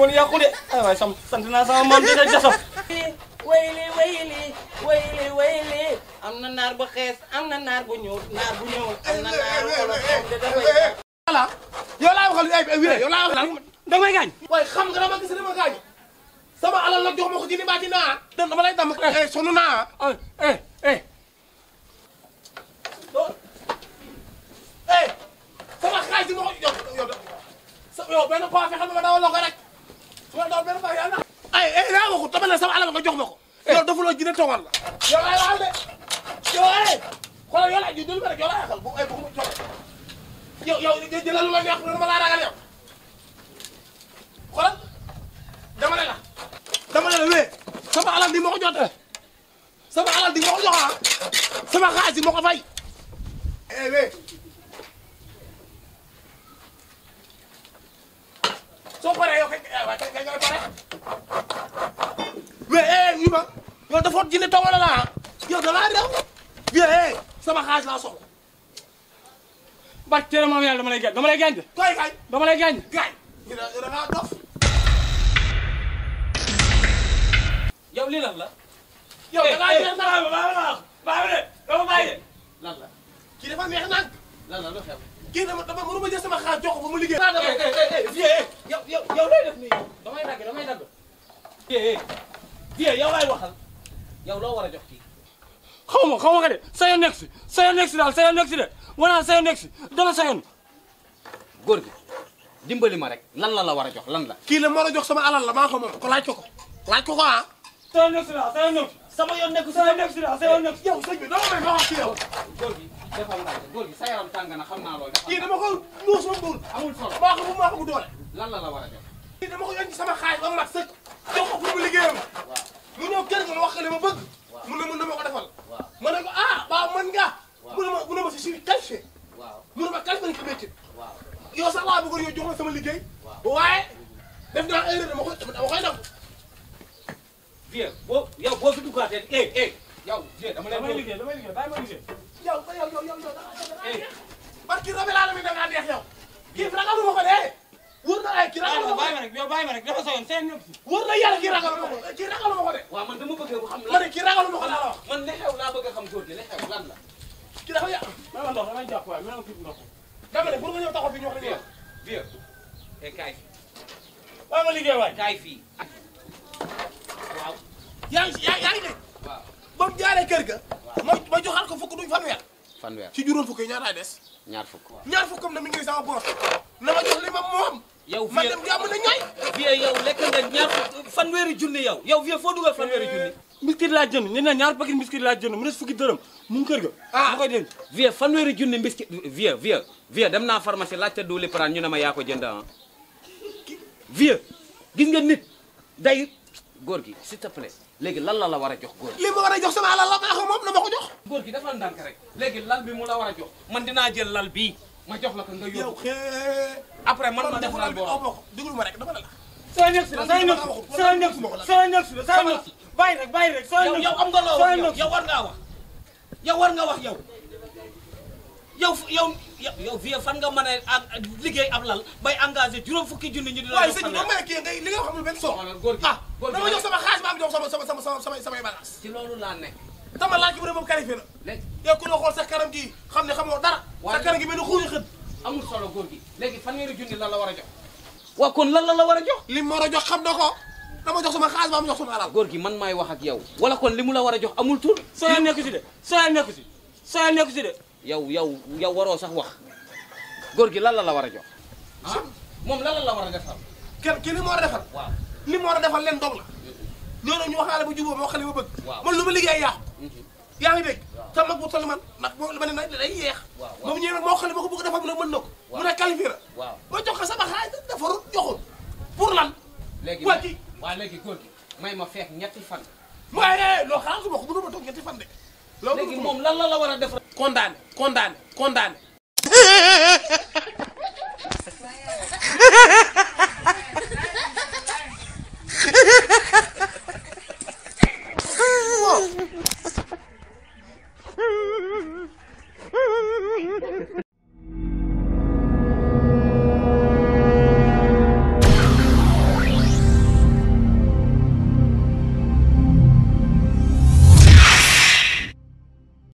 woon yàqu de ay waay sam sant naa sama maam di la jaso wayli wayli wayli wayli am na naar bu xees am na naar bu ñuul naar bu ñuul am naar bu xees voilà yow laa waxal ay eh, wéré eh, yow laa waxal da ngay gaañ waaye xam nga dama gis dama gaañ sama alal la jox ma ko ci ni baati naa dama lay dam eh, eh sonu naa eh eh eh sama xaalis ma ko jox yow benn paa fexal ma dawal la rek ay ay eh, daa nga jox ma ko. Eh. yow dafa loo jine toogal la. yow ay laal de yow ay eh, xoolal jox yow yow jëlal lu ma neex dama laa dama ne wee sama alal di ma ko jotee sama alal di ma ko joxaa ah. sama xaalis di fay eh wee soo paree yow kay ah, waaye kay kay nga pare mais eh Iba yow dafa jinne toogal la ah yow da laa réew eh sama xaalis laa soxla. barke maam yàlla dama lay gaañ dama lay gaañ de. koy gaañ dama lay gaañ. gaañ ñu ne da ngaa dof. yow lii lan la. yow da eh, ngaa neex eh. nag baax na baax na baax na baax na baax na lan la kii dafa neex nag lan la lu xew. kii dama dama mënu ma jël sama xaar jox ko ba mu liggéey. ah damay yow yow yow lay waxal yow loo war a jox kii. xaw ma xaw ma ko de sa yoon nekk si sa yoon nekk daal sa yoon nekk de wala sa yoon nekk si sa yoon. góor gi dimbali ma rek lan la la war a jox lan la. kii la ma war a jox sama alal la maa ko moom ko laaj ko ko laaj ko sa yoon nekk si daal sa yoon nekk si. yoon nekk si sa yoon nekk si daal sa yoon nekk si yow sëñ bi dama may ma wax defal ndaje góor gi sa yaram tàng na xam naa loolu. kii dama ko muus ma góor. amul solo maa ko maa ko doole. lan la la war a def. kii dama ko yónni sama xaalis ba mat sëkk jox ko pour mu liggéeyam. waaw mu ñëw kër ga ma wax ko li ma bëgg. waaw mun na mun na ma ko defal. waaw ma ne ko ah waaw mën nga. waaw mun na ma mun na ma si suñu qualifié. waaw mun na ma qualifié nañ ko métier. waaw yow sax laa bëggoon yow jox ma sama liggéey. waaw waaye def naa erreur dama koy dama koy nangu. vieux boo yow boo fi duggaatee eh eh yow vieux dama lay liggéey dama lay liggéey bàyyi ma liggéey yow yow yow yow yow parce que rabe laa la mi da ngaa neex yow kii ragaluma ko dee wóor na ay kii ragaluma ko bàyyi ma rek yow bàyyi ma rek dafa soyoon seen ñëpp wóor na yàlla kii ragaluma ko kii ragaluma ko de waaw man dama bëgg xam la ma ne kii ragaluma ko laa la wax man li xew laa bëgg a xam góor gi li xew lan la kii dafa yàq ma ma ndox damay jàpp waay ma ma kii ndox dama ne pour nga ñëw taxaw fi ñu wax li biir e eh, kaay waaw ma liggéey waay kaay fii waaw yaa ngi yaa ngi dégg waaw ba mu jaaree kër ga fanweer ci juróom fukk yi ñaataay des. ñaar fukk ñaar fukk am na mi ngi sama boros na ma jox li ma moom. yow vieux ma dem jàmm na ñooy. vieux yow lekk nga ñaar fanweeri junni yow foo dugal fanweeri junni. mbiskit eh. laa jënd nee na ñaar paquet mbiskit laa jënd mu des fukki dërëm mu ngi kër ga. ah ma koy dégg vieux fanweeri junni mbiskit vieux vieux laajte doole prendre ñu ne ma yaa ko jënd ah. vieux gis nga nit day góor si s'il léegi lan la la war a jox góor li ma war a jox sama alal la maa ko moom na ma gi defal ndànk rek léegi lal bi mu la war a jox man dinaa jël lal bii ma jox la ko nga yóbbu après man ma def lal bi aw ma ko déglu ma rek dama la la saa si la saa nekk saa nekk saa nekk si la saa nekk bàyyi rek bàyyi rek saa nekk yow am nga loo wax yow war ngaa wax yow war nga wax yow yow yow yow fii fan nga mën a liggéey ab lal bay engagé juróom fukki junni ñu di la jox salaire waaye sëñ bi ma kii ngay li nga xamul benn soo góor gi ah dama jox sama xaalis ma am jox sama sama sama sama samay samay bagage ci loolu laa nekk sama laaj bi moom qualifié na léegi yow ku la xool sa kanam gi xam ne xamoo dara sa kanam gi mel ni xuuri xët amul solo góor gi léegi fan nga junni lan la war a jox waaw kon lan la la war a jox li ma war a jox xam na ko dama jox sama xaalis ma am jox sama alal góor gi man maay wax ak yow wala kon li mu la war a jox amul tur soo nekku si de soo nekku si soo nekku si de yow yow yow waroo sax wax góor gi lan la la war a jox. ah moom lan la la war a defal. kenn ki li mu war a defal. waaw li mu war a defal leen dog la. ñoo doon ñu waxaale bu jubóo ma waxale ba bëgg. waaw man lu ma liggéey yàqu. Mhm. yaa ngi dégg. waaw sama bu toll man ndax moom li ma ne nag day yeex. waaw moom ñëwee nag ma waxale ko bëgg defal mu ne mën na ko. waaw mu ne qualifié na. waaw ma jox ko sama xaalis dafa joxul pour lan. léegi góor gi waaw léegi may ma feex ñetti fan. waaye loo xaalis ma ko mënuma toog ñetti fan de. loolu lan la la war a def condamné condamné condamné